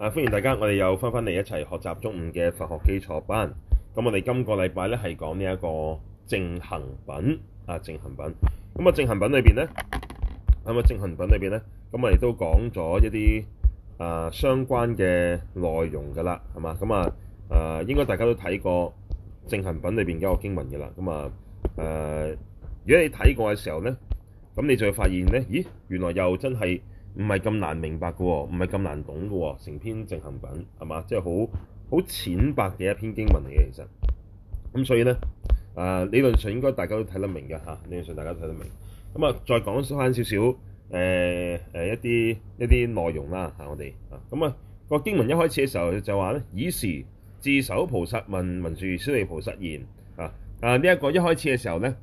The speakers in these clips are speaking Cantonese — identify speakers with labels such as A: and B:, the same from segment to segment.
A: 啊！歡迎大家，我哋又翻返嚟一齊學習中午嘅佛學基礎班。咁我哋今個禮拜咧係講呢一個淨行品啊，淨行品。咁啊，淨行品裏邊咧，咁啊、呃呃，淨行品裏邊咧，咁我哋都講咗一啲啊相關嘅內容㗎啦，係嘛？咁啊，誒應該大家都睇過淨行品裏邊嘅一個經文㗎啦。咁啊誒，如果你睇過嘅時候咧，咁你就會發現咧，咦，原來又真係～唔係咁難明白嘅喎，唔係咁難懂嘅喎，成篇淨行品，係嘛？即係好好淺白嘅一篇經文嚟嘅，其實。咁所以咧，啊理論上應該大家都睇得明嘅嚇，理論上大家都睇得明。咁啊，再講翻少少，誒、呃、誒、呃、一啲一啲內容啦嚇，我哋啊，咁、那、啊個經文一開始嘅時候就話咧，爾時智首菩薩問文殊師利菩薩言啊，啊呢一、這個一開始嘅時候咧，誒、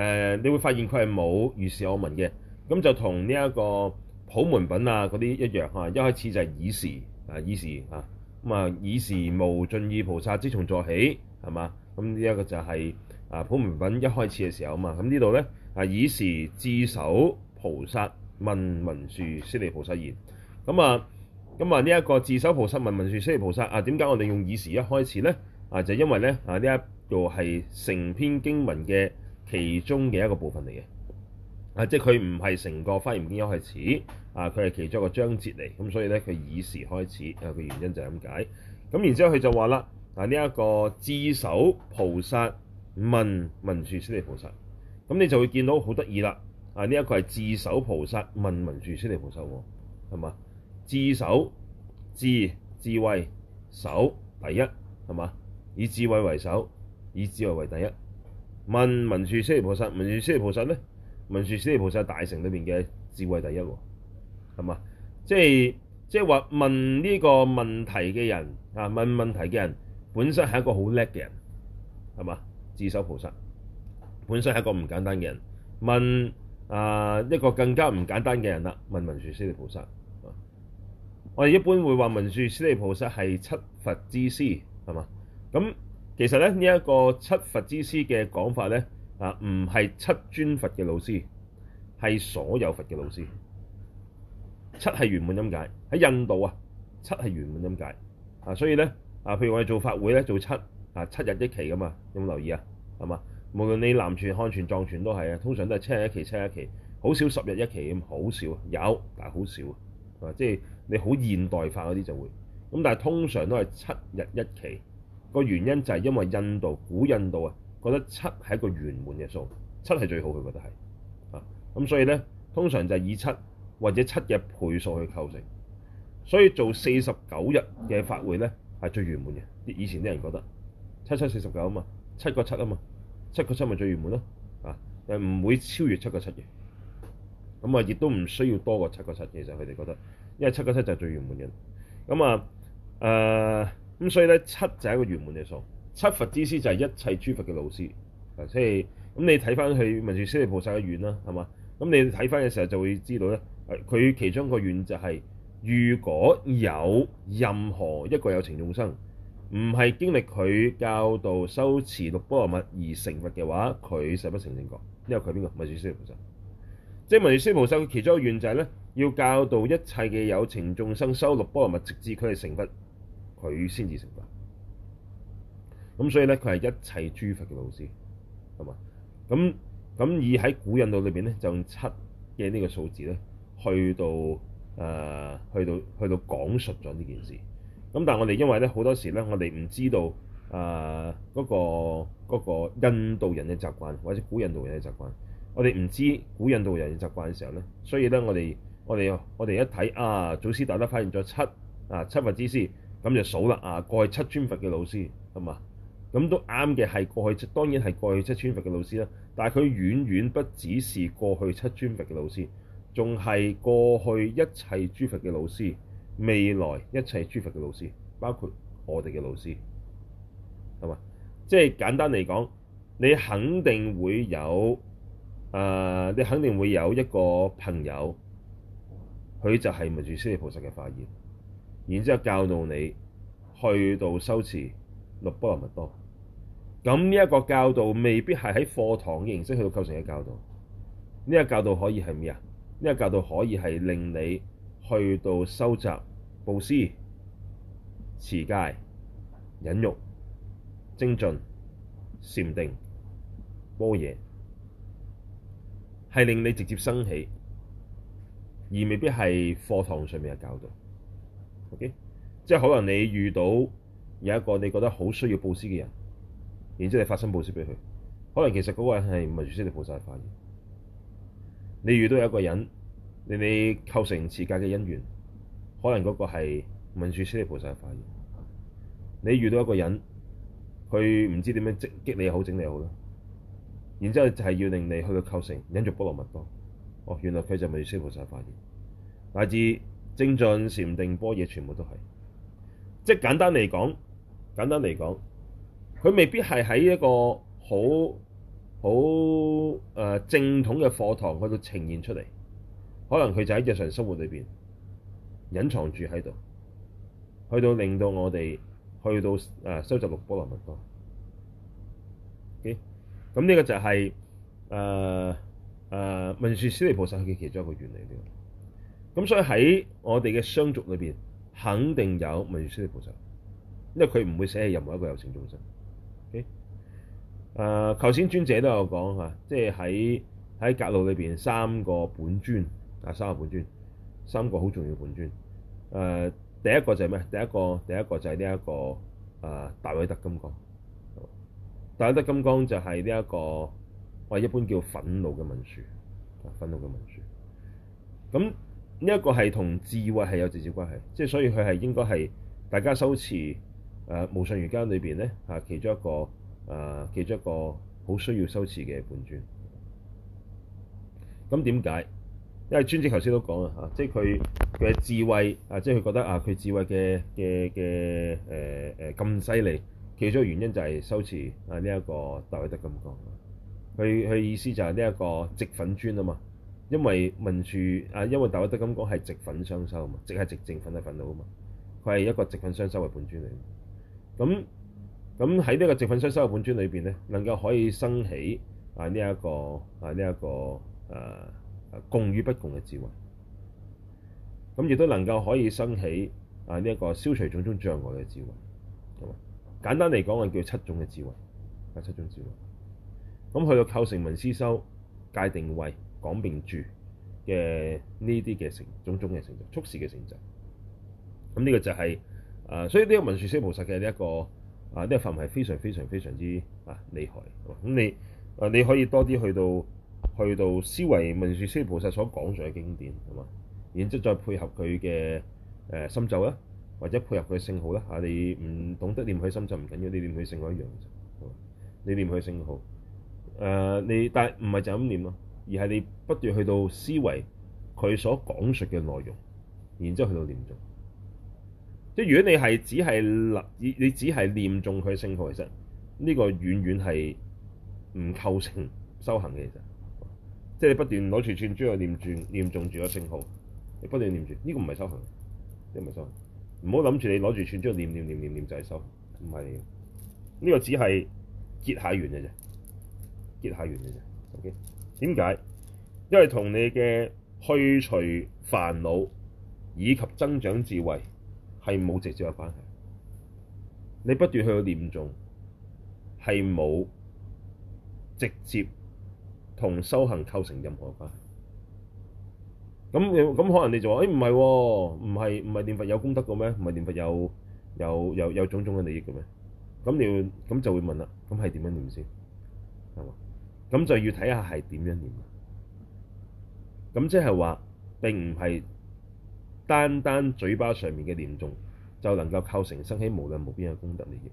A: 啊、你會發現佢係冇如是我聞嘅，咁就同呢一個。普門品啊，嗰啲一樣啊，一開始就係爾時啊，爾時啊，咁啊，爾時無盡意菩薩即從座起，係嘛？咁呢一個就係啊，普門品一開始嘅時候啊嘛。咁呢度咧啊，爾時智首菩薩問文殊師利菩薩言，咁啊，咁啊呢一個智首菩薩問文殊師利菩薩啊，點解我哋用爾時一開始咧、就是？啊，就因為咧啊呢一個係成篇經文嘅其中嘅一個部分嚟嘅。啊！即係佢唔係成個華嚴經一開始啊，佢係其中一個章節嚟，咁所以咧佢以時開始佢個原因就係咁解咁。然之後佢就話啦：啊，呢、這、一個智首菩薩問文殊師利菩薩，咁你就會見到好得意啦！啊，呢、這、一個係智首菩薩問文殊師利菩薩，我係嘛？智首智智慧首第一係嘛？以智慧為首，以智慧為第一問文殊師利菩薩，文殊師利菩薩咧？文殊師利菩薩大乘裏邊嘅智慧第一，係嘛？即係即係話問呢個問題嘅人啊，問問題嘅人本身係一個好叻嘅人，係嘛？智首菩薩本身係一個唔簡單嘅人，問啊一個更加唔簡單嘅人啦、啊。問文殊師利菩薩，我哋一般會話文殊師利菩薩係七佛之師，係嘛？咁其實咧呢一、呢個七佛之師嘅講法咧。啊，唔係七尊佛嘅老師，係所有佛嘅老師。七係圓滿音解，喺印度啊，七係圓滿音解。啊，所以咧，啊，譬如我哋做法會咧，做七啊，七日一期㗎嘛，有冇留意啊？係嘛，無論你南傳、漢傳、藏傳都係啊，通常都係七日一期、七日一期，好少十日一期咁，好少，有但係好少啊，即係你好現代化嗰啲就會，咁但係通常都係七日一期。個原因就係因為印度古印度啊。覺得七係一個圓滿嘅數，七係最好佢覺得係啊，咁所以咧通常就係以七或者七日倍數去構成，所以做四十九日嘅法會咧係最圓滿嘅。啲以前啲人覺得七七四十九啊嘛，七個七啊嘛，七個七咪最圓滿咯啊，誒唔會超越七個七嘅，咁啊亦都唔需要多過七個七。其實佢哋覺得，因為七個七就係最圓滿嘅，咁啊誒咁、啊、所以咧七就係一個圓滿嘅數。七佛之師就係一切諸佛嘅老師，即係咁你睇翻去文殊師利菩薩嘅願啦，係嘛？咁你睇翻嘅時候就會知道咧，佢其中個願就係如果有任何一個有情眾生唔係經歷佢教導修持六波羅蜜而成佛嘅話，佢實不成正覺，因為佢邊個文殊師利菩薩？即係文殊師利菩薩佢其中一個願就係咧，要教導一切嘅有情眾生修六波羅蜜，直至佢哋成佛，佢先至成佛。咁所以咧，佢係一切諸佛嘅老師，係嘛？咁咁以喺古印度裏邊咧，就用七嘅呢個數字咧，去到誒、呃，去到去到講述咗呢件事。咁但係我哋因為咧好多時咧，我哋唔知道誒嗰、呃那個那個印度人嘅習慣，或者古印度人嘅習慣，我哋唔知道古印度人嘅習慣嘅時候咧，所以咧我哋我哋我哋一睇啊，祖師大德發現咗七啊七佛之師，咁就數啦啊，過去七尊佛嘅老師係嘛？咁都啱嘅，係過去七當然係過去七尊佛嘅老師啦，但係佢遠遠不只是過去七尊佛嘅老師，仲係過、過去一切諸佛嘅老師，未來一切諸佛嘅老師，包括我哋嘅老師，係嘛？即係簡單嚟講，你肯定會有，誒、呃，你肯定會有一個朋友，佢就係文殊師利菩薩嘅化現，然之後教導你去到修持六波羅蜜多。咁呢一個教導未必係喺課堂嘅形式去到構成嘅教導。呢、這、一個教導可以係咩啊？呢、這個教導可以係令你去到修習、布施、持戒、忍辱、精進、禪定、般若，係令你直接生起，而未必係課堂上面嘅教導。O、OK? K，即係可能你遇到有一個你覺得好需要布施嘅人。然之後你發生報應俾佢，可能其實嗰個係文殊師利菩薩化現。你遇到有一個人，令你構成持戒嘅因緣，可能嗰個係文殊師利菩薩化現。你遇到一個人，佢唔知點樣激激你好，整你好啦。然之後就係要令你去到構成忍辱波羅蜜多。哦，原來佢就係文殊師利菩薩化現，乃至精進、禪定、般若，全部都係。即係簡單嚟講，簡單嚟講。佢未必係喺一個好好誒正統嘅課堂嗰度呈現出嚟，可能佢就喺日常生活裏邊隱藏住喺度，去到令到我哋去到誒、呃、收集六波羅蜜多。OK，咁呢個就係誒誒文殊師利菩薩嘅其中一個原理。呢咁所以喺我哋嘅商族裏邊，肯定有文殊師利菩薩，因為佢唔會寫喺任何一個有情眾生。O K，頭先尊者都有講嚇，即係喺喺格魯裏邊三個本尊啊，三個本尊，三個好重要本尊。誒、啊，第一個就係咩？第一個，第一個就係呢一個誒大威德金剛。大威德金剛就係呢一個，我一般叫憤怒嘅文殊，憤怒嘅文殊。咁呢一個係同智慧係有直接關係，即係所以佢係應該係大家修持。誒、啊、無上瑜伽裏邊咧，嚇、啊、其中一個誒、啊、其中一個好需要修持嘅本尊。咁點解？因為尊者頭先都講啦嚇，即係佢嘅智慧啊，即係佢、啊、覺得啊，佢智慧嘅嘅嘅誒誒咁犀利。其中原因就係修持啊呢一個大威德金剛。佢佢意思就係呢一個寂忿尊啊嘛，因為文殊啊，因為大威德金剛係寂忿雙修啊嘛，寂係寂靜粉係忿怒啊嘛，佢係一個寂忿雙修嘅本尊嚟。咁咁喺呢個直訓修修學本尊裏邊咧，能夠可以生起啊呢一個啊呢一個誒共與不共嘅智慧，咁亦都能夠可以生起啊呢一個消除種種障礙嘅智慧，係嘛？簡單嚟講，我叫七種嘅智慧，啊七種智慧。咁去到構成聞思修戒定慧、講辯住嘅呢啲嘅成種種嘅成就，促使嘅成就。咁呢個就係、是。啊，所以呢個文殊釋菩薩嘅呢一個啊呢一份係非常非常非常之啊厲害。咁你啊你可以多啲去到去到思維文殊釋菩薩所講述嘅經典，係嘛？然之後再配合佢嘅誒深咒啦，或者配合佢嘅聖號啦。啊，你唔懂得念佢深咒唔緊要，你念佢聖號一樣。你念佢聖號，誒你但係唔係就咁念，咯，而係你不斷去到思維佢所講述嘅內容，然之後去到念咗。即如果你係只係立，你你只係念中佢聖號，其實呢個遠遠係唔構成修行嘅。其實即係你不斷攞住串珠嚟念住，念中住個聖號，你不斷念住呢個唔係修行，呢唔係修行。唔好諗住你攞住串珠念念念念念就係修行，唔係，呢個只係結下緣嘅啫，結下緣嘅啫。O.K. 點解？因為同你嘅去除煩惱以及增長智慧，係冇直接嘅關係，你不斷去到念眾，係冇直接同修行構成任何關係。咁咁可能你就話：誒唔係喎，唔係唔係念佛有功德嘅咩？唔係念佛有有有有種種嘅利益嘅咩？咁你咁就會問啦，咁係點樣念先係嘛？咁就要睇下係點樣念。咁即係話並唔係。單單嘴巴上面嘅念誦，就能夠構成生起無量無邊嘅功德嚟嘅。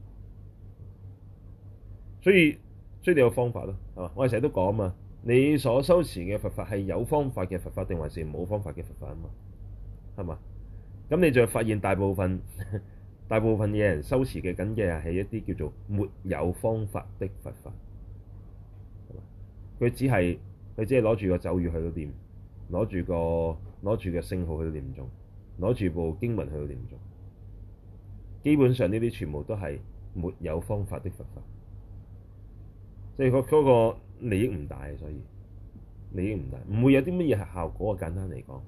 A: 所以，所以你有方法咯，係嘛？我哋成日都講啊嘛，你所修持嘅佛法係有方法嘅佛法定還是冇方法嘅佛法啊嘛？係嘛？咁你就發現大部分大部分嘅人修持嘅緊嘅係一啲叫做沒有方法的佛法。係嘛？佢只係佢只係攞住個咒語去到念，攞住個攞住個聖號去到念誦。攞住部經文去念誦，基本上呢啲全部都係沒有方法的佛法，即係嗰嗰個利益唔大。所以利益唔大，唔會有啲乜嘢係效果啊。簡單嚟講，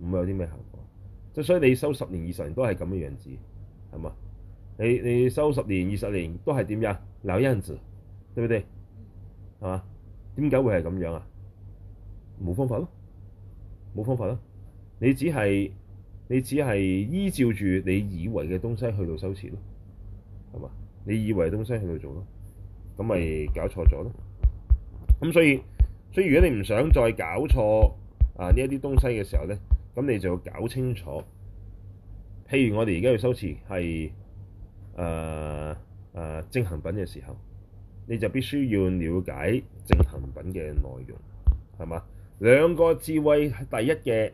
A: 唔會有啲咩效果。即係所以你收十年二十年都係咁嘅樣子，係嘛？你你修十年二十年都係點樣留印子，對唔對？係嘛？點解會係咁樣啊？冇方法咯，冇方法咯。你只係。你只係依照住你以為嘅東西去到修持咯，係嘛？你以為嘅東西去到做咯，咁咪搞錯咗咯。咁所以，所以如果你唔想再搞錯啊呢一啲東西嘅時候咧，咁你就要搞清楚。譬如我哋而家要修持係誒誒淨行品嘅時候，你就必須要了解淨行品嘅內容，係嘛？兩個智慧第一嘅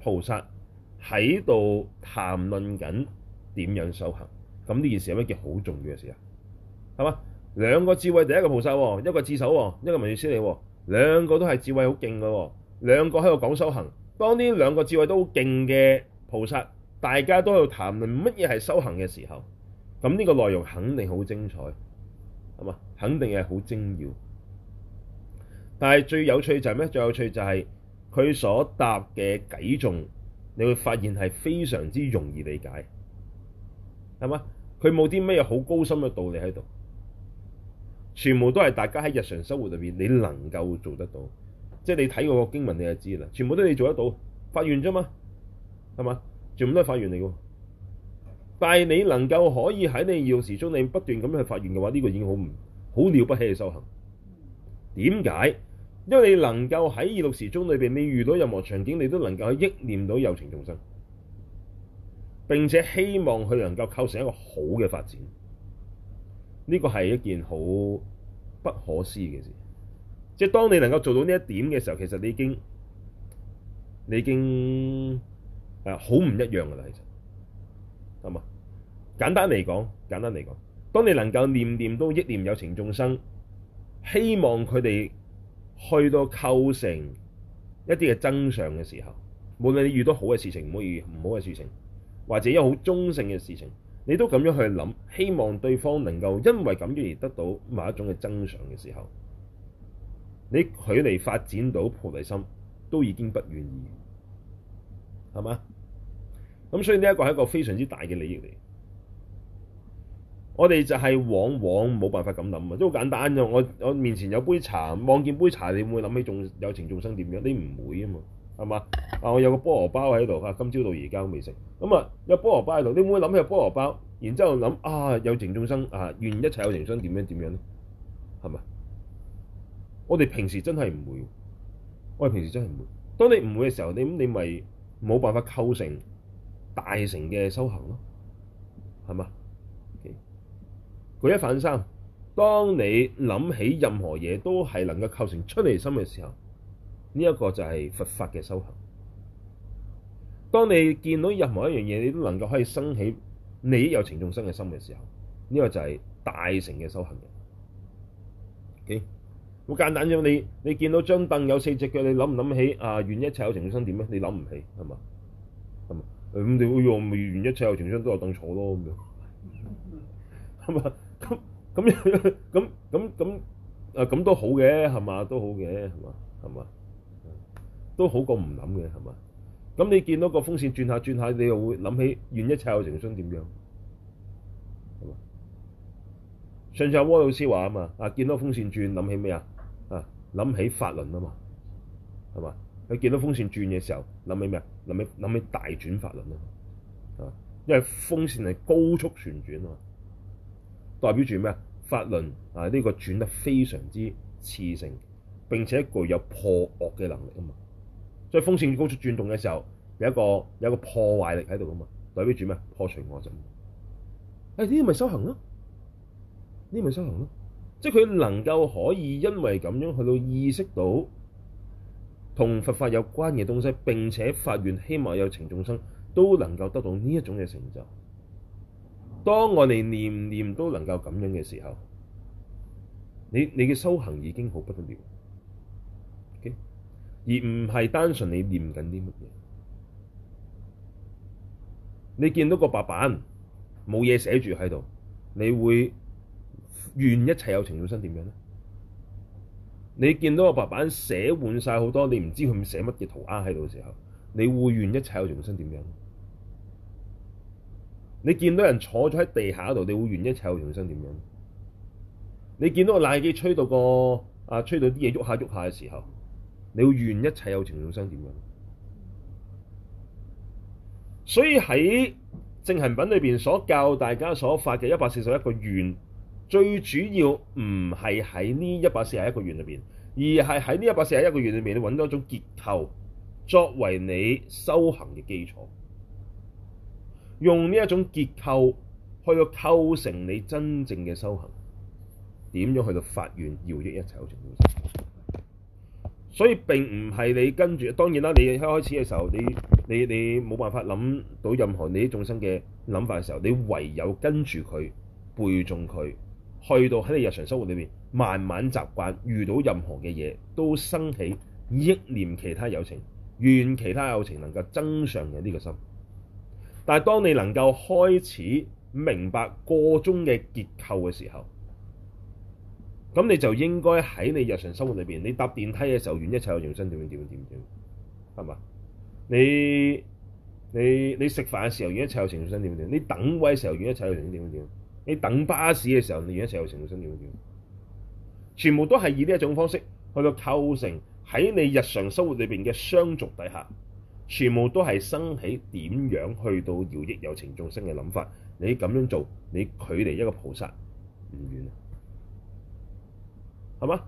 A: 菩薩。喺度談論緊點樣修行咁呢件事係一件好重要嘅事啊，係嘛？兩個智慧，第一個菩薩，一個智首，一個文殊師利，兩個都係智慧好勁嘅。兩個喺度講修行，當呢兩個智慧都好勁嘅菩薩，大家都喺度談論乜嘢係修行嘅時候，咁呢個內容肯定好精彩，係嘛？肯定係好精要。但係最有趣就係咩？最有趣就係佢所答嘅偈頌。你會發現係非常之容易理解，係嘛？佢冇啲咩好高深嘅道理喺度，全部都係大家喺日常生活入邊，你能夠做得到，即係你睇個經文你就知啦，全部都你做得到，發願啫嘛，係嘛？全部都係發願嚟嘅，但係你能夠可以喺你要時中，你不斷咁去發願嘅話，呢、這個已經好唔好了不起嘅修行？點解？因為你能夠喺二六時鐘裏邊，你遇到任何場景，你都能夠去憶念到有情眾生，並且希望佢能夠構成一個好嘅發展。呢個係一件好不可思議嘅事。即係當你能夠做到呢一點嘅時候，其實你已經你已經誒好唔一樣噶啦。其實係嘛？簡單嚟講，簡單嚟講，當你能夠念念都憶念有情眾生，希望佢哋，去到構成一啲嘅增上嘅時候，無論你遇到好嘅事情，唔好遇唔好嘅事情，或者有好中性嘅事情，你都咁樣去諗，希望對方能夠因為咁樣而得到某一種嘅增上嘅時候，你距離發展到菩提心，都已經不願意，係嘛？咁所以呢一個係一個非常之大嘅利益嚟。我哋就係往往冇辦法咁諗啊！即係好簡單啫。我我面前有杯茶，望見杯茶，你會諗起眾有情眾生點樣？你唔會啊嘛，係嘛？啊，我有個菠蘿包喺度，啊，今朝到而家都未食。咁啊，有菠蘿包喺度，你會唔會諗起菠蘿包？然之後諗啊，有情眾生啊，願一切有情眾生點樣點樣咧？係咪？我哋平時真係唔會。我哋平時真係唔會。當你唔會嘅時候，你你咪冇辦法構成大成嘅修行咯，係嘛？舉一反三，當你諗起任何嘢都係能夠構成出離心嘅時候，呢、這、一個就係佛法嘅修行。當你見到任何一樣嘢，你都能夠可以生起利益有情眾生嘅心嘅時候，呢、這個就係大乘嘅修行嘅。幾、okay？好簡單啫？你你見到張凳有四隻腳，你諗唔諗起啊？願一切有情眾生點咩？你諗唔起係嘛？係嘛？咁你哎用「咪願一切有情眾生都有凳坐咯，咁樣係嘛？咁咁咁咁咁都好嘅係嘛，都好嘅係嘛係嘛，都好過唔諗嘅係嘛。咁你見到個風扇轉下轉下，你又會諗起願一切有情生點樣？係嘛？上次阿汪老師話啊嘛，啊見到風扇轉諗起咩啊？啊諗起法輪啊嘛，係嘛？你見到風扇轉嘅時候諗起咩啊？諗起諗起大轉法輪啊！啊，因為風扇係高速旋轉啊。代表住咩啊？法輪啊，呢個轉得非常之次性，並且具有破惡嘅能力啊嘛。所以風扇高速轉動嘅時候，有一個有一個破壞力喺度啊嘛。代表住咩？破除惡盡。誒呢啲咪修行咯？呢啲咪修行咯？即係佢能夠可以因為咁樣去到意識到同佛法有關嘅東西，並且發願希望有情眾生都能夠得到呢一種嘅成就。當我哋念念都能夠咁樣嘅時候，你你嘅修行已經好不得了，okay? 而唔係單純你念緊啲乜嘢。你見到個白板冇嘢寫住喺度，你會願一切有情眾生點樣咧？你見到個白板寫滿晒好多，你唔知佢寫乜嘢塗鴉喺度嘅時候，你會願一切有情眾生點樣？你見到人坐咗喺地下度，你會願一切有情眾生點樣？你見到個冷氣機吹到個啊，吹到啲嘢喐下喐下嘅時候，你會願一切有情眾生點樣？所以喺淨行品裏邊所教大家所發嘅一百四十一個願，最主要唔係喺呢一百四十一個願裏邊，而係喺呢一百四十一個願裏面，你揾到一種結構作為你修行嘅基礎。用呢一種結構去到構成你真正嘅修行，點樣去到發願饒益一切有情？所以並唔係你跟住，當然啦，你一開始嘅時候，你你冇辦法諗到任何你啲眾生嘅諗法嘅時候，你唯有跟住佢背誦佢，去到喺你日常生活裏面慢慢習慣，遇到任何嘅嘢都生起憶念其他有情，願其他有情能夠增上嘅呢個心。但係當你能夠開始明白個鐘嘅結構嘅時候，咁你就應該喺你日常生活裏面。你搭電梯嘅時候，願一切有情身點點點點點，係嘛？你你你食飯嘅時候，願一切有情身點點。你等位嘅時候，願一切有情身點點點。你等巴士嘅時候，你願一切有情身點點點。全部都係以呢一種方式去到構成喺你日常生活裏面嘅雙軸底下。全部都係生起點樣去到饒益有情眾生嘅諗法。你咁樣做，你距離一個菩薩唔遠啦，係嘛？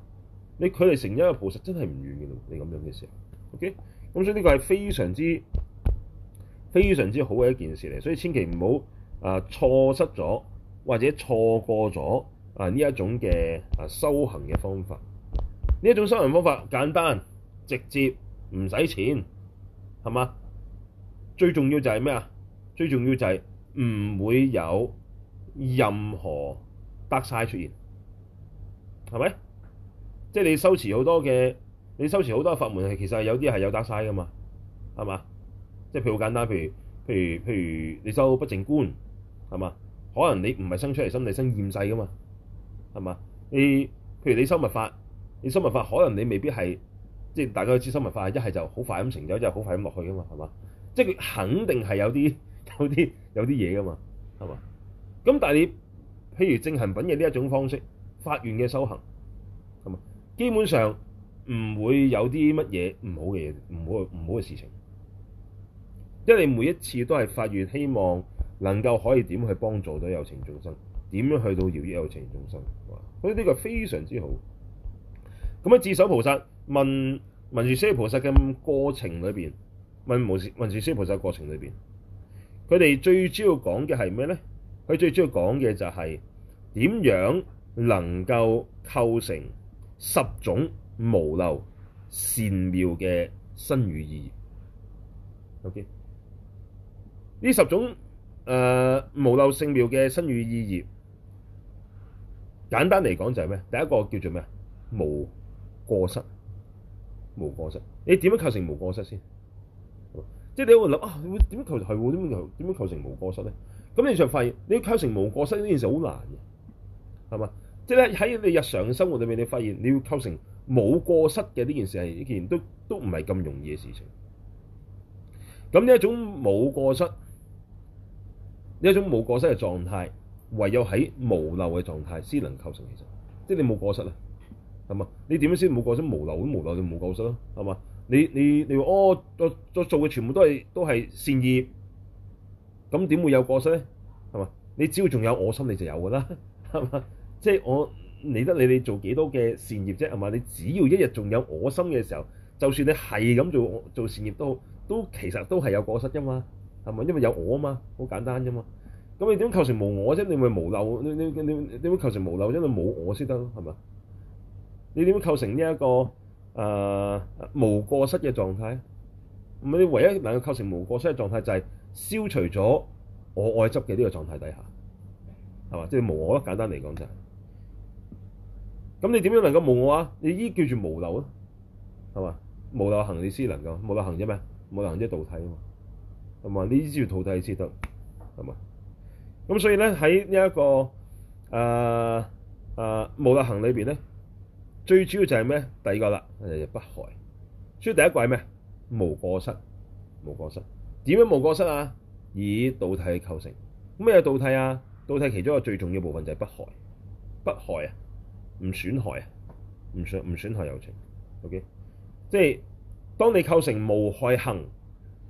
A: 你距離成一個菩薩真係唔遠嘅。你咁樣嘅時候，OK，咁所以呢個係非常之非常之好嘅一件事嚟，所以千祈唔好啊錯失咗或者錯過咗啊呢一種嘅啊修行嘅方法。呢一種修行方法簡單直接，唔使錢。係嘛？最重要就係咩啊？最重要就係唔會有任何得曬出現，係咪？即係你修持好多嘅，你修持好多法門係其實有啲係有得曬噶嘛，係嘛？即係譬如好簡單，譬如譬如譬如你修不淨觀，係嘛？可能你唔係生出嚟心理生厭世噶嘛，係嘛？你譬如你修密法，你修密法可能你未必係。即係大家知心文化，一係就好快咁成就，一係好快咁落去噶嘛，係嘛？即係佢肯定係有啲有啲有啲嘢噶嘛，係嘛？咁但係你譬如淨行品嘅呢一種方式發願嘅修行咁，基本上唔會有啲乜嘢唔好嘅嘢，唔好唔好嘅事情，因為你每一次都係發願，希望能夠可以點去幫助到有情眾生，點樣去到饒益有情眾生，係嘛？所以呢個非常之好咁樣智首菩薩，問文殊師利菩薩嘅過程裏面，問無事文殊師利菩薩過程裏面，佢哋最主要講嘅係咩咧？佢最主要講嘅就係點樣能夠構成十種無漏善妙嘅身語意業。OK，呢十種誒、呃、無漏善妙嘅身語意業，簡單嚟講就係咩？第一個叫做咩啊？無過失。無過失，你點樣構成無過失先？即係你會諗啊，會點構成係？點樣點樣構成無過失咧？咁你就發現，你要構成無過失呢件事好難嘅，係嘛？即係咧喺你日常生活裏面，你發現你要構成冇過失嘅呢件事係一件都都唔係咁容易嘅事情。咁呢一種冇過失，呢一種冇過失嘅狀態，唯有喺無漏嘅狀態先能構成。其實，即係你冇過失啦。係嘛？你點樣先冇過失？無漏都無漏，就冇過失咯。係嘛？你你你話哦，我我做嘅全部都係都係善業，咁點會有過失咧？係嘛？你只要仲有我心，你就有噶啦。係嘛？即係我理得你哋做幾多嘅善業啫。係嘛？你只要一日仲有我心嘅時候，就算你係咁做做善業都好，都其實都係有過失噶嘛。係咪？因為有我嘛，好簡單啫嘛。咁你點構成無我啫？你咪無漏。你你你點構成無漏？因為冇我先得咯。係嘛？你點樣構成呢、這、一個、呃、無過失嘅狀態？你唯一能夠構成無過失嘅狀態，就係消除咗我愛執嘅呢個狀態底下，係嘛？即係無我咯，簡單嚟講就係。咁你點樣能夠無我啊？你依叫做無漏咯，係嘛？無漏行你先能夠無漏行啫咩？無漏行即係道體啊嘛，係嘛？呢啲叫做道體先得，係嘛？咁所以咧，喺呢一、這個、呃呃、無漏行裏面咧。最主要就係咩？第二個啦，就係、是、不害。所以第一個係咩？無過失，無過失。點樣無過失啊？以道諦構成。咩叫道諦啊？道諦其中一個最重要部分就係不害，不害啊，唔損害啊，唔損唔損害有情。O、okay? K，即係當你構成無害行，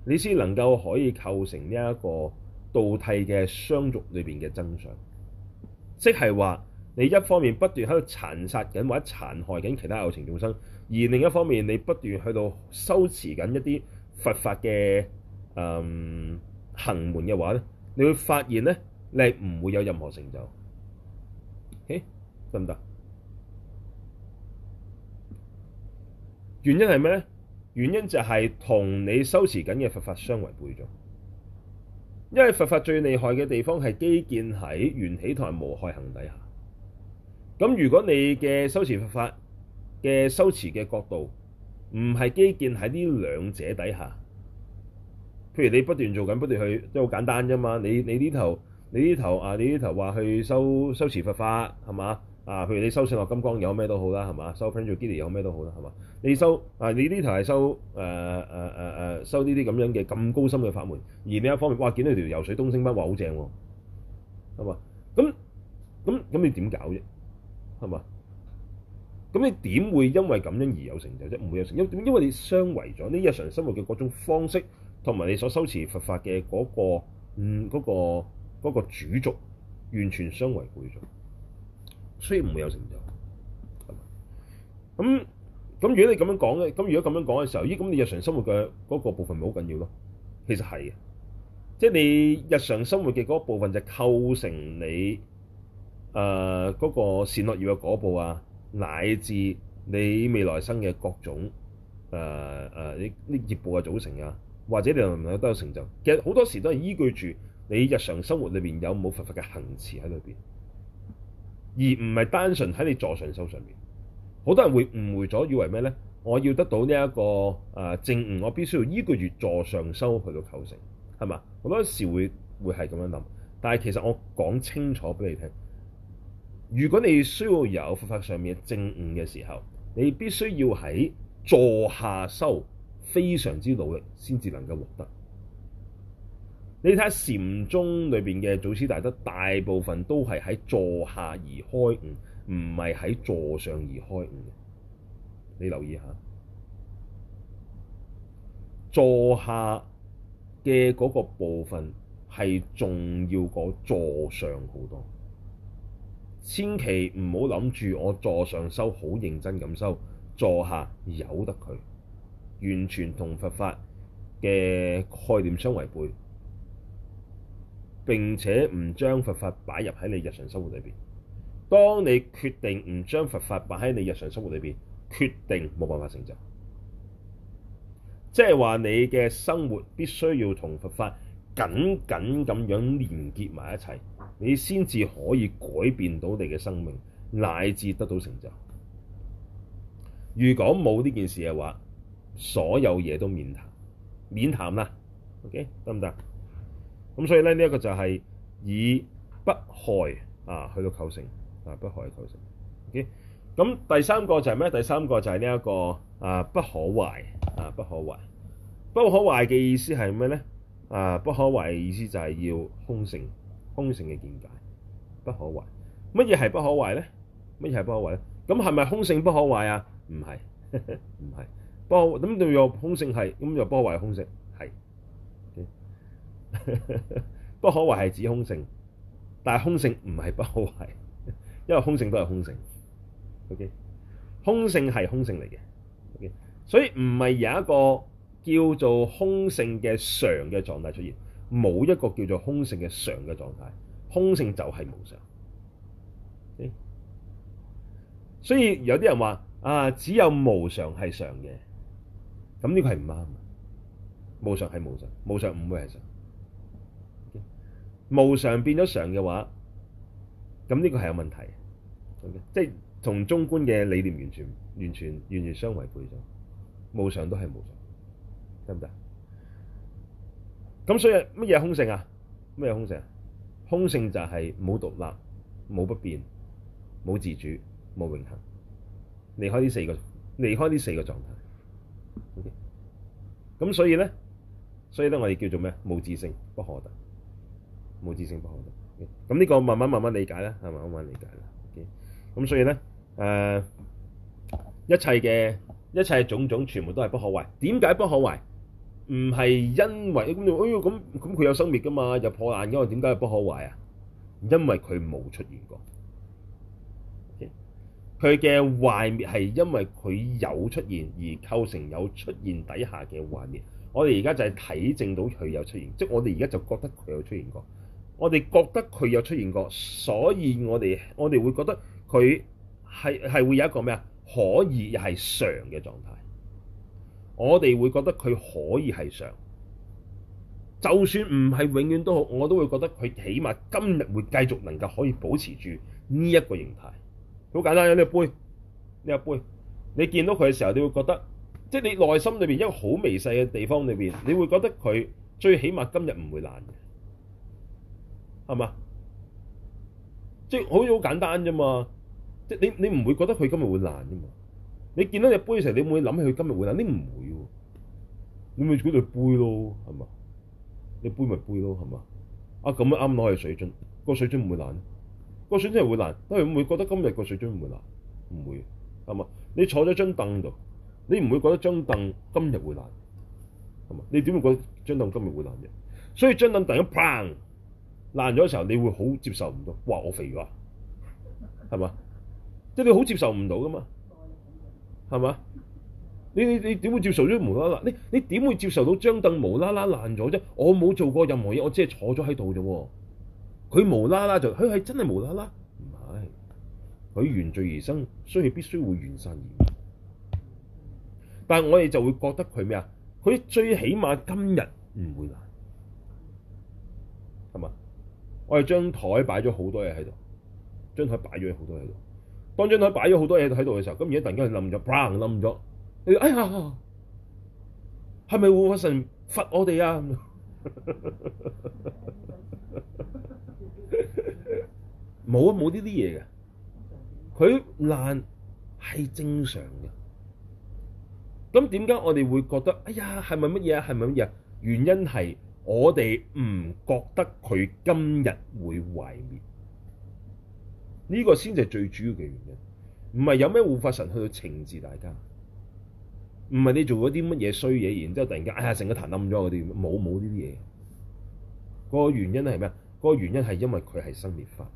A: 你先能夠可以構成呢一個道諦嘅雙族裏邊嘅真相，即係話。你一方面不斷喺度殘殺緊或者殘害緊其他有情眾生，而另一方面你不斷去到修持緊一啲佛法嘅嗯行門嘅話咧，你會發現咧，你唔會有任何成就。咦，得唔得？原因係咩咧？原因就係同你修持緊嘅佛法相違背咗。因為佛法最厲害嘅地方係基建喺緣起同埋無害行底下。咁如果你嘅修持佛法嘅修持嘅角度唔係基建喺呢兩者底下，譬如你不斷做緊，不斷去都好簡單啫嘛。你你呢頭你呢頭啊，你呢頭話去修修持佛法係嘛啊？譬如你修《勝樂金剛》有咩都好啦，係嘛？修《Pranjali》有咩都好啦，係嘛？你修啊，你呢頭係修誒誒誒誒修呢啲咁樣嘅咁高深嘅法門，而另一方面，哇，見到條游水東星斑，哇，好正喎，係嘛？咁咁咁，你點搞啫？係嘛？咁你點會因為咁樣而有成就啫？唔會有成就，因因為你相違咗，你日常生活嘅各種方式，同埋你所修持佛法嘅嗰、嗰個嗯、嗰個、嗰個主軸，完全相違背咗，所以唔會有成就。咁咁，咁咁如果你咁樣講咧，咁如果咁樣講嘅時候，咦？咁你日常生活嘅嗰個部分咪好緊要咯？其實係嘅，即、就、係、係、你日常生活嘅嗰部分就是構成你。誒嗰、呃那個善樂業嘅果報啊，乃至你未來生嘅各種誒誒啲啲業部嘅組成啊，或者你能唔能夠得到成就，其實好多時都係依據住你日常生活裏邊有冇佛法嘅行持喺裏邊，而唔係單純喺你坐上修上邊。好多人會誤會咗，以為咩咧？我要得到呢、這、一個誒、呃、證悟，我必須要依據住坐上修去到構成，係嘛？好多時會會係咁樣諗，但係其實我講清楚俾你聽。如果你需要有佛法上面嘅正悟嘅時候，你必須要喺座下修，非常之努力先至能夠獲得。你睇下禪宗裏邊嘅祖師大德，大部分都係喺座下而開悟，唔係喺座上而開悟。你留意一下，座下嘅嗰個部分係重要過座上好多。千祈唔好諗住我座上修，好認真咁修，座下由得佢，完全同佛法嘅概念相違背。並且唔將佛法擺入喺你日常生活裏面。當你決定唔將佛法擺喺你日常生活裏面，決定冇辦法成就。即係話你嘅生活必須要同佛法緊緊咁樣連結埋一齊。你先至可以改變到你嘅生命，乃至得到成就。如果冇呢件事嘅話，所有嘢都免談，免談啦。OK，得唔得？咁所以咧，呢一個就係以不害啊，去到構成啊，不害構成。OK，咁第三個就係咩？第三個就係呢一個啊，不可壞啊，不可壞。不可壞嘅意思係咩咧？啊，不可壞嘅意思就係要空性。空性嘅見解不可壞，乜嘢係不可壞咧？乜嘢係不可壞咧？咁係咪空性不可壞啊？唔係，唔係。不咁對，又空性係，咁就不可壞。空性係，是 okay? 不可壞係指空性，但係空性唔係不可壞，因為空性都係空性。O.K.，空性係空性嚟嘅。O.K.，所以唔係有一個叫做空性嘅常嘅狀態出現。冇一個叫做空性嘅常嘅狀態，空性就係無常。Okay? 所以有啲人話啊，只有無常係常嘅，咁呢個係唔啱嘅。無常係無常，無常唔會係常。Okay? 無常變咗常嘅話，咁呢個係有問題嘅，okay? 即係同中觀嘅理念完全、完全、完全相違背咗。無常都係無常，得唔得？咁所以乜嘢空性啊？乜嘢空性啊？空性就係冇獨立、冇不變、冇自主、冇永恆，離開呢四個，離開呢四個狀態。O.K. 咁所以咧，所以咧，我哋叫做咩？冇自性，不可得。冇自性，不可得。咁、okay? 呢個慢慢慢慢理解啦，係咪？慢慢理解啦。O.K. 咁所以咧，誒、呃，一切嘅一切嘅種種，全部都係不可壞。點解不可壞？唔係因為咁，哎咁咁佢有生滅噶嘛，有破爛嘅，點解不可壞啊？因為佢冇出現過。佢嘅壞滅係因為佢有出現而構成有出現底下嘅壞滅。我哋而家就係睇證到佢有出現，即係我哋而家就覺得佢有出現過。我哋覺得佢有出現過，所以我哋我哋會覺得佢係係會有一個咩啊？可以係常嘅狀態。我哋會覺得佢可以係上，就算唔係永遠都好，我都會覺得佢起碼今日會繼續能夠可以保持住呢一個形態。好簡單，呢隻杯，呢個杯，你見到佢嘅時候，你會覺得，即係你內心裏面一個好微細嘅地方裏面，你會覺得佢最起碼今日唔會爛嘅，係嘛？即係好似好簡單啫嘛，即係你你唔會覺得佢今日會爛啫嘛？你見到隻杯嘅時候，你唔會諗起佢今日會爛？你唔會喎，你咪自己對杯咯？係嘛？你杯咪杯咯？係嘛？啊咁樣啱攞係水樽，個水樽唔會爛，個水樽會爛，但係唔會覺得今日個水樽唔會爛，唔會係嘛？你坐咗張凳度，你唔會覺得張凳今日會爛係嘛？你點會覺得張凳今日會爛啫？所以張凳突然間砰爛咗嘅時候，你會好接受唔到，哇！我肥咗啊，係嘛？即係你好接受唔到噶嘛？係嘛？你你你點會接受咗無啦啦？你你點會接受到張凳無啦啦爛咗啫？我冇做過任何嘢，我只係坐咗喺度啫。佢無啦啦就佢係真係無啦啦？唔係，佢原罪而生，所以必須會原生而滅。但係我哋就會覺得佢咩啊？佢最起碼今日唔會爛，係嘛？我哋張台擺咗好多嘢喺度，張台擺咗好多嘢喺度。當張台擺咗好多嘢喺度嘅時候，咁而家突然間冧咗，砰！冧咗，你哎呀，係咪護法神罰我哋啊？冇 啊，冇呢啲嘢嘅，佢爛係正常嘅。咁點解我哋會覺得，哎呀，係咪乜嘢啊？係咪乜嘢？原因係我哋唔覺得佢今日會毀滅。呢個先至係最主要嘅原因，唔係有咩護法神去到懲治大家，唔係你做咗啲乜嘢衰嘢，然之後突然間哎下成個頭冧咗嗰啲，冇冇呢啲嘢。嗰個原因係咩啊？個原因係因為佢係生滅法，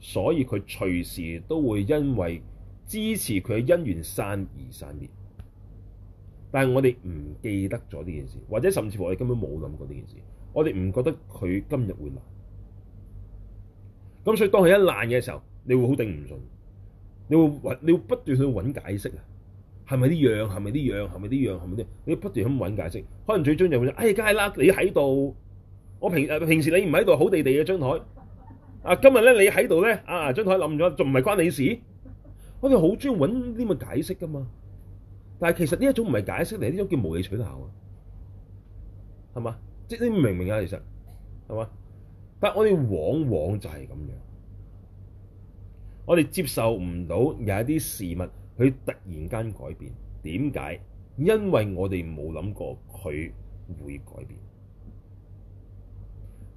A: 所以佢隨時都會因為支持佢嘅因緣散而散滅。但係我哋唔記得咗呢件事，或者甚至乎我哋根本冇諗過呢件事，我哋唔覺得佢今日會爛。咁所以當佢一爛嘅時候，你會好頂唔順，你會你會不斷去揾解釋啊，係咪呢樣？係咪呢樣？係咪呢樣？係咪啲？你會不斷咁揾解釋，可能最中意咁樣，哎呀，梗係啦，你喺度，我平平時你唔喺度，好地地嘅張台，啊，今日咧你喺度咧，啊，張台冧咗，仲唔係關你事？我哋好中意揾呢咁嘅解釋噶嘛，但係其實呢一種唔係解釋嚟，呢種叫無理取鬧啊，係嘛吧？即係你明唔明啊？其實係嘛？吧但係我哋往往就係咁樣。我哋接受唔到有一啲事物佢突然間改變，點解？因為我哋冇諗過佢會改變。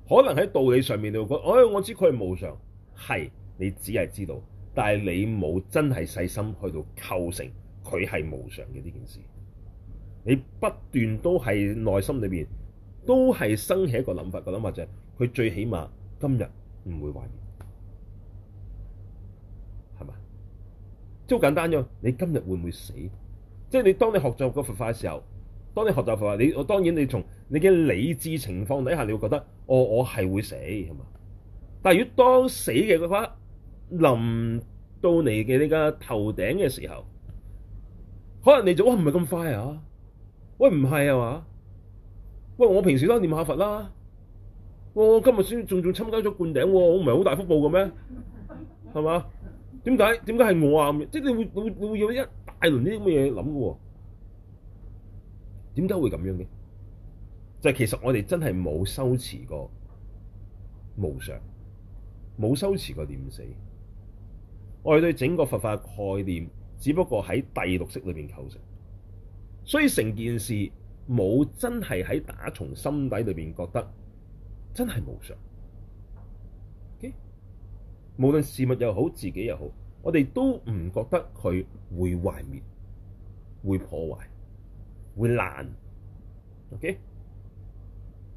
A: 可能喺道理上面你會覺得，哎，「我知佢係無常，係你只係知道，但係你冇真係細心去到構成佢係無常嘅呢件事。你不斷都係內心裏邊都係生起一個諗法，個諗法就係佢最起碼今日唔會壞。」超簡單啫！你今日會唔會死？即係你當你學習個佛法嘅時候，當你學習佛法，你我當然你從你嘅理智情況底下，你會覺得、哦、我我係會死係嘛？但係如果當死嘅話，臨到你嘅呢個頭頂嘅時候，可能你就哇唔係咁快啊！喂，唔係啊嘛？喂，我平時都念下佛啦，我、哦、今日先仲仲參加咗灌頂喎、啊，我唔係好大福報嘅咩？係嘛？點解？點解係我啊？咁樣，即係你會，你會，你會有一大輪啲咁嘅嘢諗嘅喎？點解會咁樣嘅？就係、是、其實我哋真係冇修持過無常，冇修持過念死。我哋對整個佛法的概念，只不過喺第六識裏邊構成，所以成件事冇真係喺打從心底裏邊覺得真係無常。無論事物又好，自己又好，我哋都唔覺得佢會毀滅、會破壞、會爛。OK，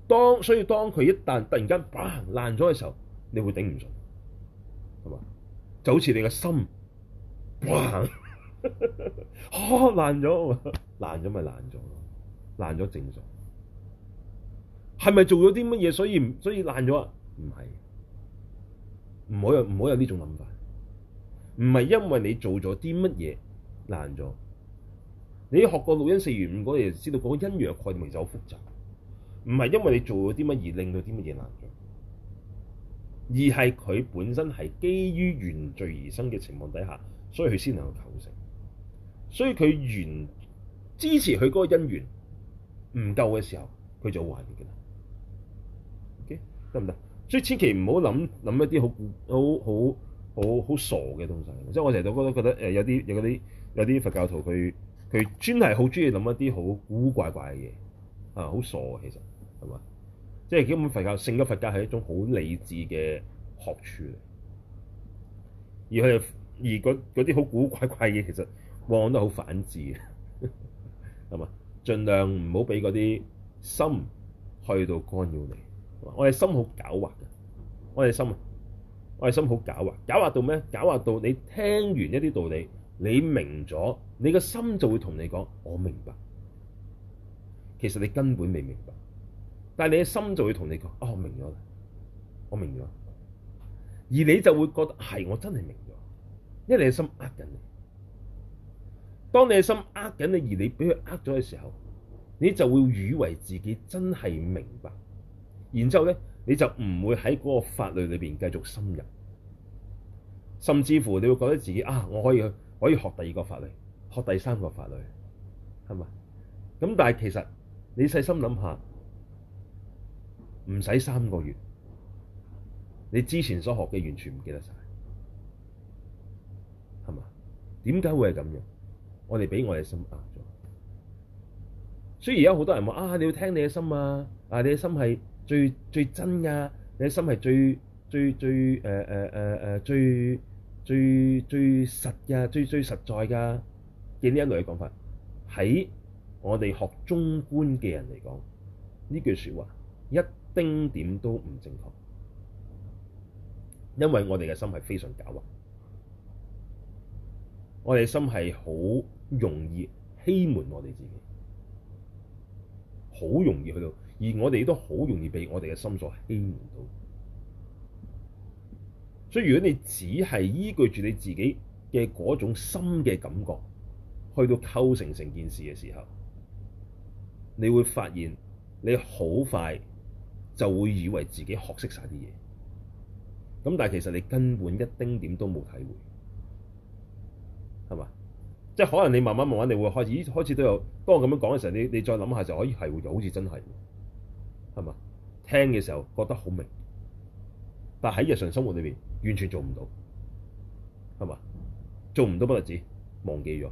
A: 當所以當佢一旦突然間，哇爛咗嘅時候，你會頂唔順，係嘛？就好似你嘅心，哇，啊爛咗，爛咗咪爛咗咯，爛咗正常。係咪做咗啲乜嘢所以所以爛咗啊？唔係。唔好有唔好有呢種諗法，唔係因為你做咗啲乜嘢難咗，你學過六因四緣五嗰日知道嗰個因緣概念就好複雜，唔係因為你做咗啲乜而令到啲乜嘢難咗，而係佢本身係基於原罪而生嘅情況底下，所以佢先能夠構成，所以佢緣支持佢嗰個因緣唔夠嘅時候，佢就會壞嘅啦。OK，得唔得？所以千祈唔好諗諗一啲好好好好好傻嘅東西。即係我成日都覺得覺得誒有啲有啲有啲佛教徒佢佢專係好鍾意諗一啲好古怪怪嘅嘢啊，好傻嘅，其實係嘛？即係咁，佛教聖教佛教係一種好理智嘅學處嚟，而佢而嗰啲好古怪怪嘅嘢其實往往都好反智嘅，係嘛？盡量唔好俾嗰啲心去到干擾你。我哋心好狡猾嘅，我哋心，我哋心好狡猾，狡猾到咩？狡猾到你聽完一啲道理，你明咗，你個心就會同你講：我明白。其實你根本未明白，但係你嘅心就會同你講：哦，我明咗啦，我明咗。而你就會覺得係、哎、我真係明咗，因為你嘅心呃緊你。當你嘅心呃緊你，而你俾佢呃咗嘅時候，你就會以為自己真係明白。然之後咧，你就唔會喺嗰個法律裏邊繼續深入，甚至乎你會覺得自己啊，我可以去可以學第二個法律，學第三個法律，係咪？咁但係其實你細心諗下，唔使三個月，你之前所學嘅完全唔記得晒，係咪？點解會係咁樣？我哋俾我哋嘅心壓咗，所以而家好多人話啊，你要聽你嘅心啊，啊你嘅心係。最最真噶，你心係最最最誒誒誒誒最最最實噶、最最實在噶嘅呢一類嘅講法，喺我哋學中觀嘅人嚟講，呢句説話一丁點都唔正確，因為我哋嘅心係非常狡猾，我哋嘅心係好容易欺瞞我哋自己，好容易去到。而我哋都好容易被我哋嘅心所欺騙到，所以如果你只係依據住你自己嘅嗰種心嘅感覺去到構成成件事嘅時候，你會發現你好快就會以為自己學識曬啲嘢，咁但係其實你根本一丁點都冇體會，係嘛？即係可能你慢慢慢慢你會開始開始都有，當我咁樣講嘅時候，你你再諗下就可以係會有好似真係。係嘛？聽嘅時候覺得好明，但喺日常生活裏邊完全做唔到，係嘛？做唔到不特止，忘記咗，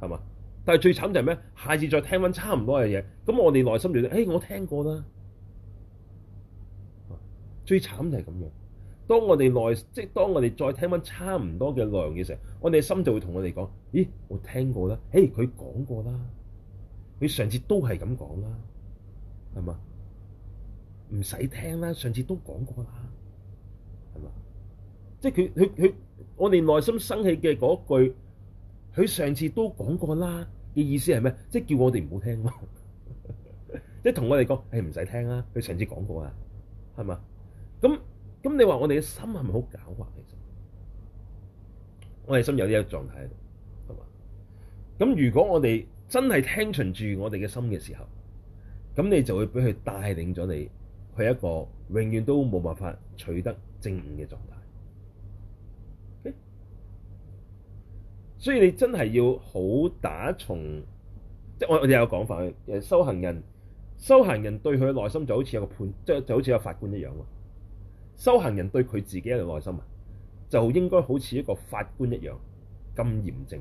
A: 係嘛？但係最慘就係咩？下次再聽翻，差唔多嘅嘢，咁我哋內心就諗：，誒、欸，我聽過啦。最慘就係咁樣的，當我哋內即係當我哋再聽翻差唔多嘅內容嘅時候，我哋心就會同我哋講：，咦、欸，我聽過啦，誒、欸，佢講過啦，佢上次都係咁講啦，係嘛？唔使聽啦，上次都講過啦，係嘛？即係佢佢佢，我哋內心生起嘅嗰句，佢上次都講過啦嘅意思係咩？即係叫我哋唔好聽嘛， 即係同我哋講係唔使聽啦。佢上次講過啊，係嘛？咁咁，你話我哋嘅心係咪好狡猾？其實我哋心有呢個狀態喺度，係嘛？咁如果我哋真係聽循住我哋嘅心嘅時候，咁你就會俾佢帶領咗你。佢係一個永遠都冇辦法取得正悟嘅狀態，所以你真係要好打從，即係我我哋有講法嘅，修行人修行人對佢嘅內心就好似有個判，即就好似一個法官一樣喎。修行人對佢自己嘅內心啊，就應該好似一個法官一樣咁嚴正，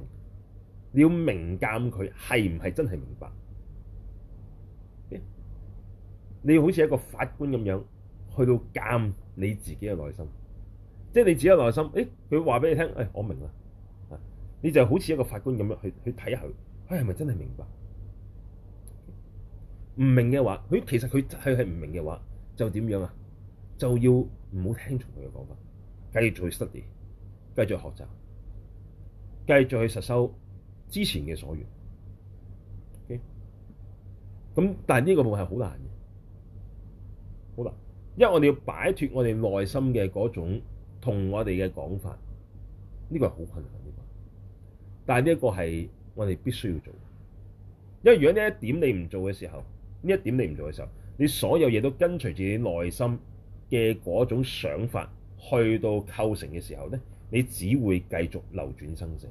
A: 你要明鑑佢係唔係真係明白？你好似一個法官咁樣去到監你自己嘅內心，即係你自己嘅內心。誒、欸，佢話俾你聽，誒，我明啦。你就好似一個法官咁樣去去睇下佢，佢係咪真係明白？唔明嘅話，佢其實佢係係唔明嘅話，就點樣啊？就要唔好聽從佢嘅講法，繼續去失練，繼續學習，繼續去實修之前嘅所願。咁、okay？但係呢個部係好難嘅。好難，因為我哋要擺脫我哋內心嘅嗰種同我哋嘅講法，呢個係好困難嘅，但係呢一個係我哋必須要做。因為如果呢一點你唔做嘅時候，呢一點你唔做嘅時候，你所有嘢都跟隨住你內心嘅嗰種想法去到構成嘅時候咧，你只會繼續流轉生死。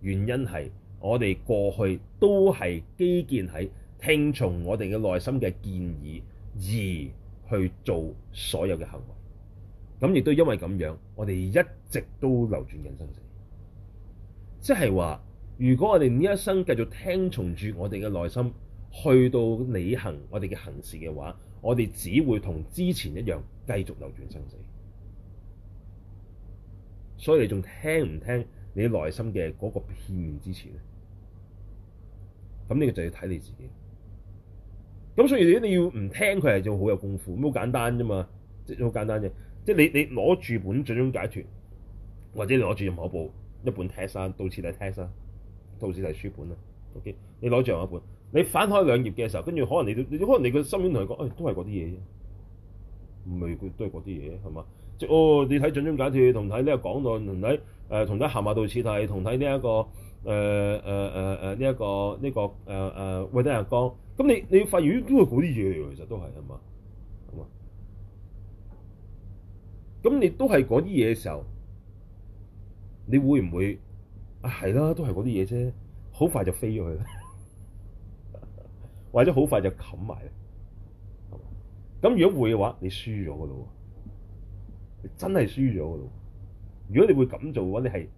A: 原因係我哋過去都係基建喺聽從我哋嘅內心嘅建議而。去做所有嘅行為，咁亦都因為咁樣，我哋一直都流轉緊生死。即係話，如果我哋呢一生繼續聽從住我哋嘅內心去到履行我哋嘅行事嘅話，我哋只會同之前一樣繼續流轉生死。所以你仲聽唔聽你內心嘅嗰個片面之詞呢？咁呢個就要睇你自己。咁所以你要唔聽佢係就好有功夫，咁好簡單啫嘛，即係好簡單嘅。即係你你攞住本掌中解脫，或者你攞住任何一部一本 test 啊，道次第 test 啊，道次第書本啊，OK，你攞住任何一本，你反開兩頁嘅時候，跟住可能你你可能你個心面同佢講，誒、哎、都係嗰啲嘢啫，唔係佢都係嗰啲嘢係嘛，即哦，你睇掌中解脫同睇呢個廣論同睇誒同睇行話道次第同睇呢一個。誒誒誒誒呢一個呢個誒誒韋德阿剛，咁你你發現都係嗰啲嘢，其實都係係嘛，係嘛？咁你都係嗰啲嘢嘅時候，你會唔會啊？係啦，都係嗰啲嘢啫，好快就飛咗去啦，或者好快就冚埋啦，係嘛？咁如果會嘅話，你輸咗嘅咯，你真係輸咗嘅咯。如果你會咁做嘅話，你係。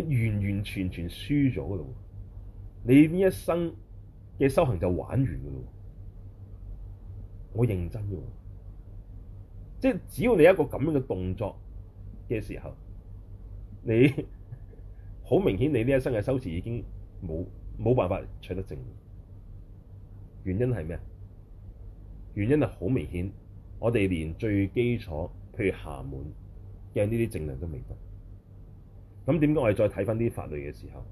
A: 你完完全全輸咗咯，你呢一生嘅修行就玩完噶咯。我認真㗎，即係只要你一個咁樣嘅動作嘅時候，你好明顯你呢一生嘅修持已經冇冇辦法取得證，原因係咩啊？原因係好明顯，我哋連最基礎，譬如暇滿嘅呢啲證量都未得。咁點解我哋再睇翻啲法律嘅時候，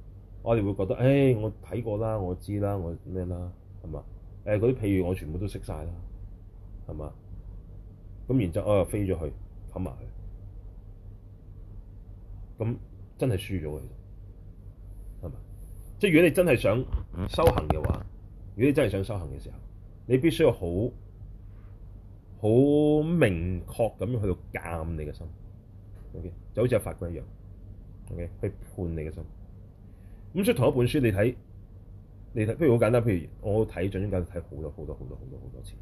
A: 我哋會覺得誒、欸，我睇過啦，我知啦，我咩啦，係嘛？誒、欸，嗰啲譬如我全部都識曬啦，係嘛？咁然之後我又、啊、飛咗去，冚埋去，咁真係輸咗嘅，係咪？即係如果你真係想修行嘅話，如果你真係想修行嘅時候，你必須要好好明確咁樣去到鑑你嘅心，OK，就好似個法官一樣。o、okay，去判你嘅心。咁所以同一本書，你睇，你睇，譬如好簡單，譬如我睇《準章教》，睇好多好多好多好多好多次。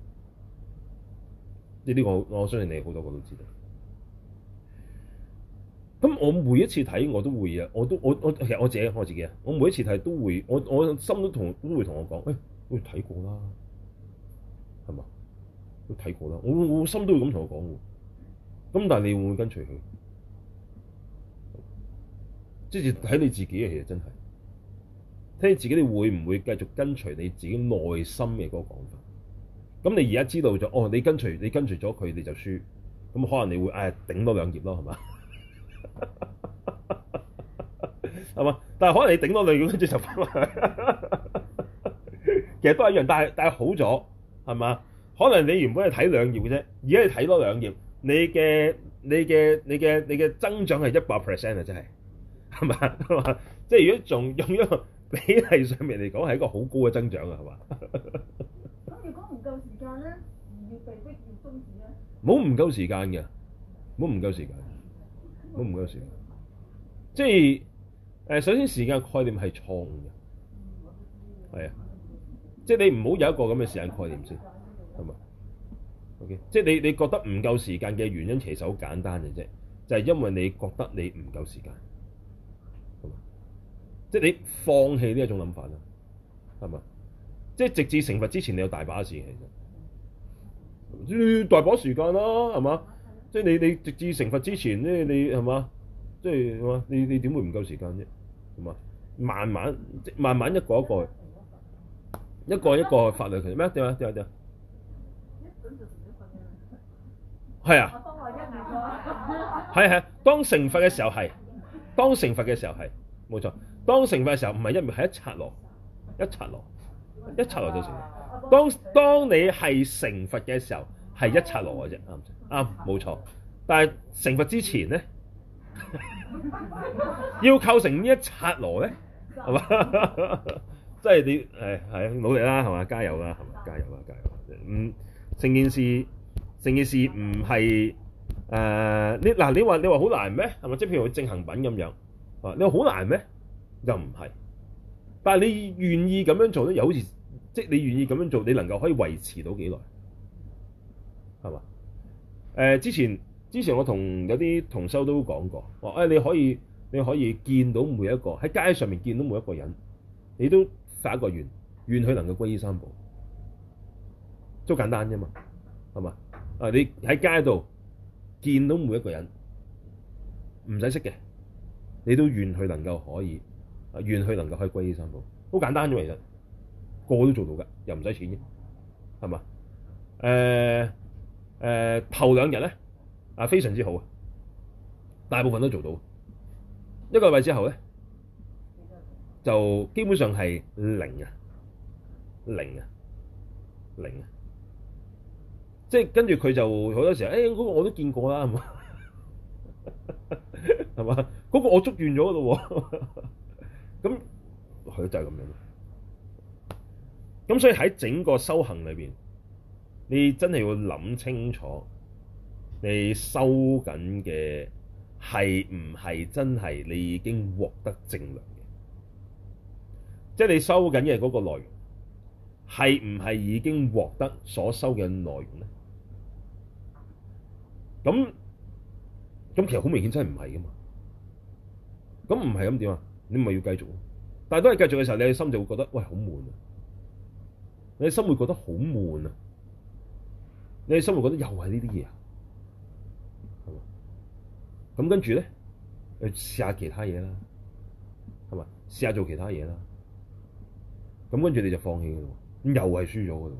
A: 即係呢個，我相信你好多個都知道。咁我每一次睇，我都會啊，我都我我其實我自己我自己啊，我每一次睇都會，我我心都同都會同我講，誒、哎，我睇過啦，係嘛？都睇過啦，我我心都會咁同我講嘅。咁但係你會唔會跟隨佢？即係睇你自己嘅，其實真係睇你自己，你會唔會繼續跟隨你自己內心嘅嗰個講法？咁你而家知道咗哦，你跟隨你跟隨咗佢，你就輸。咁可能你會誒、哎、頂多兩頁咯，係嘛？係嘛？ 但係可能你頂多兩頁跟住就翻埋， 其實都係一樣。但係但係好咗係嘛？可能你原本係睇兩頁嘅啫，而家你睇多兩頁，你嘅你嘅你嘅你嘅增長係一百 percent 啊！真係～係嘛？即係如果仲用一個比例上面嚟講，係一個好高嘅增長啊！係嘛？咁如果唔夠時間咧，唔要被迫要終止咧？冇唔夠時間嘅，冇唔夠時間，冇唔夠時間，唔夠時間，唔夠時間嘅。即係誒，首先時間概念係錯誤嘅，係啊、嗯。係嘅即係你唔好有一個咁嘅時間概念先，係嘛？OK，即係你你覺得唔夠時間嘅原因其實好簡單嘅啫，就係、係、因為你覺得你唔夠時間。即係你放棄呢一種諗法啦，係咪？即係直，的直至成佛之前，你有大把事，其實大把時間咯，係嘛？即係你你直至成佛之前咧，你係嘛？即係你你點會唔夠時間啫？係嘛？慢慢即慢慢一個一個，一個一個法律其實咩？點啊點啊點啊！係啊，係啊，當成佛嘅時候係，當成佛嘅時候係，冇錯。當成佛嘅時候不是，唔係一秒，係一剎羅，一剎羅，一剎羅就成佛。當當你係成佛嘅時候，係一剎羅嘅啫，啱啱？冇錯。但係成佛之前咧， 要構成呢一剎羅咧，係嘛 吧？即係 你誒係啊，努力啦，係嘛？加油啦，係嘛？加油啦，加油啦！唔成件事，成件事唔係誒你嗱，你話、啊、你話好難咩？係咪？即係譬如佢淨行品咁樣啊，你話好難咩？又唔係，但係你願意咁樣做咧，又好似即係你願意咁樣做，你能夠可以維持到幾耐，係嘛？誒，之前之前我同有啲同修都講過，話誒你可以你可以見到每一個喺街上面見到每一個人，你都發一個願，願佢能夠歸依三寶，都簡單啫嘛，係嘛？啊，你喺街度見到每一個人，唔使識嘅，你都願佢能夠可以。啊，願佢能夠去歸依三寶，好簡單啫，其實個個都做到㗎，又唔使錢嘅，係嘛？誒、呃、誒，頭、呃、兩日咧啊，非常之好啊，大部分都做到。一個禮拜之後咧，就基本上係零啊，零啊，零啊，即係跟住佢就好多時候，嗰、哎嗰個我都見過啦，係嘛？係嘛？嗰、嗰個我捉完咗咯喎！咁佢就係、是、咁樣。咁所以喺整個修行裏面，你真係要諗清楚，你收緊嘅係唔係真係你已經獲得正量嘅？即、就、係、是、你收緊嘅嗰個內容係唔係已經獲得所收嘅內容咧？咁咁其實好明顯真係唔係噶嘛？咁唔係咁點啊？你咪要繼續，但係當你繼續嘅時候，你嘅心就會覺得喂，好悶啊。你嘅心會覺得好悶啊。你嘅心會覺得又係呢啲嘢啊，係嘛？咁跟住咧，去試下其他嘢啦，係咪？試下做其他嘢啦。咁跟住你就放棄噶咯，又係輸咗噶咯。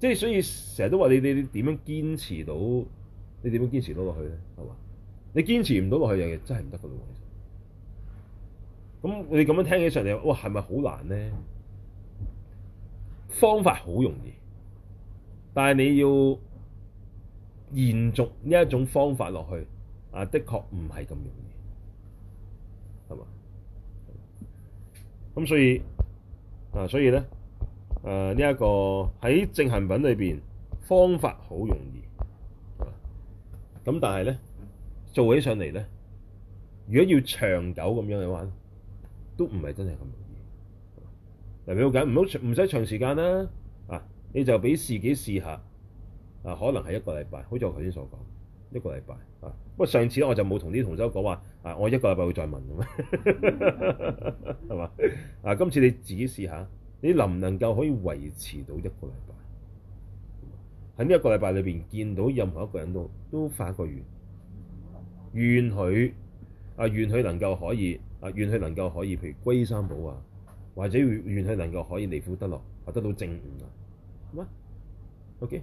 A: 即係所以成日都話你你點樣堅持到？你點樣堅持到落去咧？係嘛？你堅持唔到落去，嘅嘢，真係唔得噶咯。咁你咁樣聽起上嚟，哇，係咪好難咧？方法好容易，但係你要延續呢一種方法落去啊，的確唔係咁容易，係嘛？咁所以啊，所以咧，誒呢一個喺淨行品裏邊，方法好容易，咁但係咧做起上嚟咧，如果要長久咁樣嘅話，都唔係真係咁容易。咪好緊，唔好唔使長時間啦。啊，你就俾自己試下。啊，可能係一個禮拜，好似我頭先所講，一個禮拜。啊，不過上次我就冇同啲同修講話，啊，我一個禮拜會再問咁啊，係嘛？啊，今次你自己試下，你能唔能夠可以維持到一個禮拜？喺呢一個禮拜裏邊見到任何一個人都都發一個願，願許啊，願許能夠可以。啊，願佢能夠可以，譬如歸三寶啊，或者願願佢能夠可以離苦得樂，啊得到正悟啊，係嘛，OK，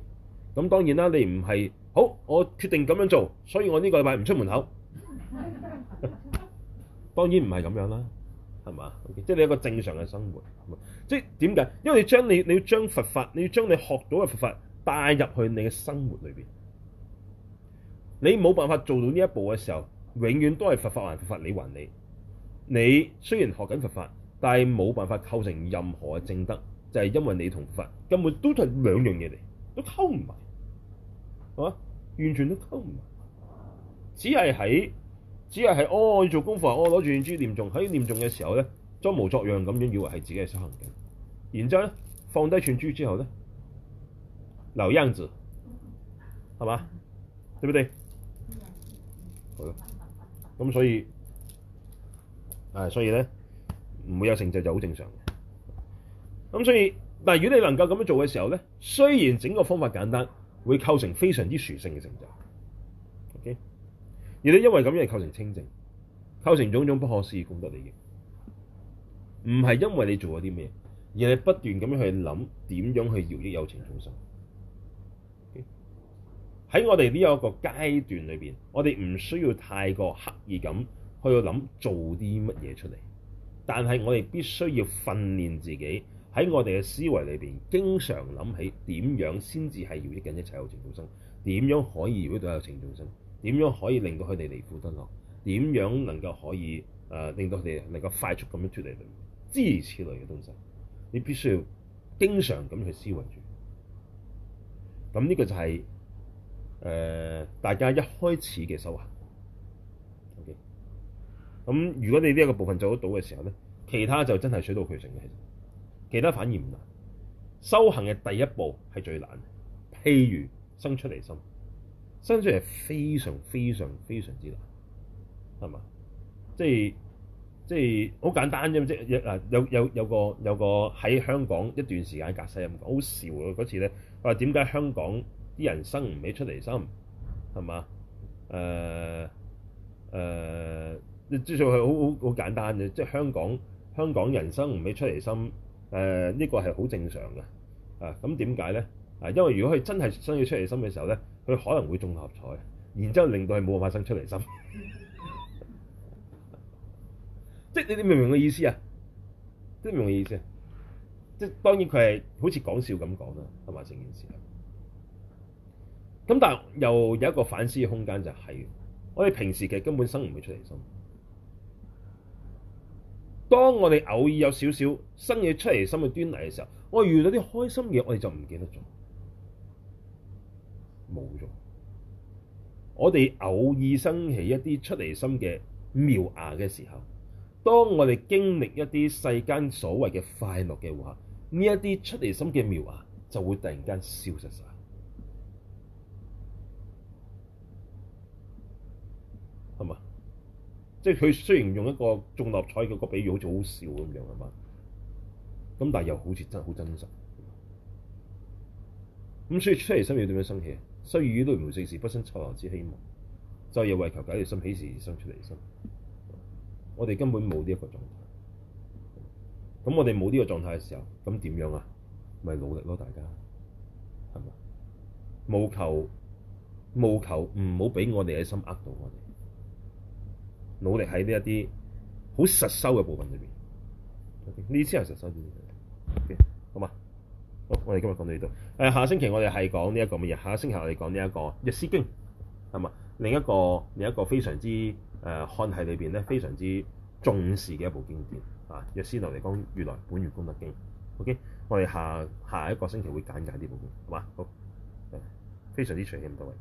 A: 咁當然啦，你唔係好，我決定咁樣做，所以我呢個禮拜唔出門口， 當然唔係咁樣啦，係嘛，okay? 即係你一個正常嘅生活，係嘛？即係點解？因為你將你你要將佛法，你要將你學到嘅佛法帶入去你嘅生活裏邊，你冇辦法做到呢一步嘅時候，永遠都係佛法還佛法，你還你。你雖然學緊佛法，但係冇辦法構成任何嘅正德，就係、是、因為你同佛根本都係兩樣嘢嚟，都溝唔埋啊！完全都溝唔埋，只係喺只係喺哦做功課，我攞住串珠念咒喺念咒嘅時候咧，裝模作樣咁樣以為係自己係修行嘅，然之後咧放低串珠之後咧，留樣子係嘛？對唔對？好咯，咁所以。啊，所以咧唔會有成就就好正常嘅。咁所以，但係如果你能夠咁樣做嘅時候咧，雖然整個方法簡單，會構成非常之殊勝嘅成就。OK，而你因為咁，因為構成清淨，構成種種不可思議功德利益，唔係因為你做咗啲咩，而係不斷咁樣去諗點樣去饒益有情眾生。喺、okay？我哋呢一個階段裏邊，我哋唔需要太過刻意咁。去諗做啲乜嘢出嚟，但係我哋必須要訓練自己喺我哋嘅思維裏邊，經常諗起點樣先至係利益緊一切有情眾生，點樣可以利益到有情眾生，點樣可以令到佢哋離苦得樂，點樣能夠可以誒、呃、令到佢哋能夠快速咁樣出離輪迴，諸如此類嘅東西，你必須要經常咁去思維住。咁呢個就係、是、誒、呃、大家一開始嘅修行。咁如果你呢個部分做得到嘅時候咧，其他就真係水到渠成嘅，其實其他反而唔難。修行嘅第一步係最難，譬如生出離心，生出嚟係非常非常非常之難，係嘛？即係即係好簡單啫嘛！即係嗱，有有有個有個喺香港一段時間嘅西人講，好笑啊！嗰次咧話點解香港啲人生唔起出離心，係嘛？誒、呃、誒。呃至少係好好好簡單嘅，即係香港香港人生唔起出嚟心出離心，誒呢個係好正常嘅啊。咁點解咧？啊，因為如果佢真係想要出離心嘅時候咧，佢可能會中六合彩，然之後令到係冇辦法生出離心。 即係你你明唔明嘅意思啊？都明嘅意思啊！即係當然佢係好似講笑咁講啦，係咪成件事啊？咁但係又有一個反思嘅空間，就是，就係我哋平時其實根本生唔起出離心。當我哋偶爾有少少生起出離心嘅端倪嘅時候，我遇到啲開心嘢，我哋就唔記得咗，冇用。我哋偶爾生起一啲出離心嘅苗芽嘅時候，當我哋經歷一啲世間所謂嘅快樂嘅話，呢一啲出離心嘅苗芽就會突然間消失晒。即係佢雖然用一個中六合彩嗰個比喻好少，好似好笑咁樣啊嘛，咁但係又好似真係好真實。咁所以出離心要點樣生起？失意都唔會正視，不生愁，只希望就係為求解脫心，起時生出離心。我哋根本冇呢一個狀態。咁我哋冇呢個狀態嘅時候，咁點樣啊？咪努力咯，大家係嘛？務求，務求不要，唔好俾我哋嘅心呃到我哋。努力喺呢一啲好實修嘅部分裏邊，呢啲先係實修嘅。OK，好嘛？好，我哋今日講到呢度。誒、呃，下星期我哋係講呢一個乜嘢？下星期我哋講呢、這、一個《藥師經》，係嘛？另一個另一個非常之誒漢譯裏邊咧，非常之重視嘅一部經典。啊，《藥師琉璃光如來本願功德經》OK?。O K，我哋下下一個星期會簡介呢部經，好嘛？好，誒，非常之長氣唔到位。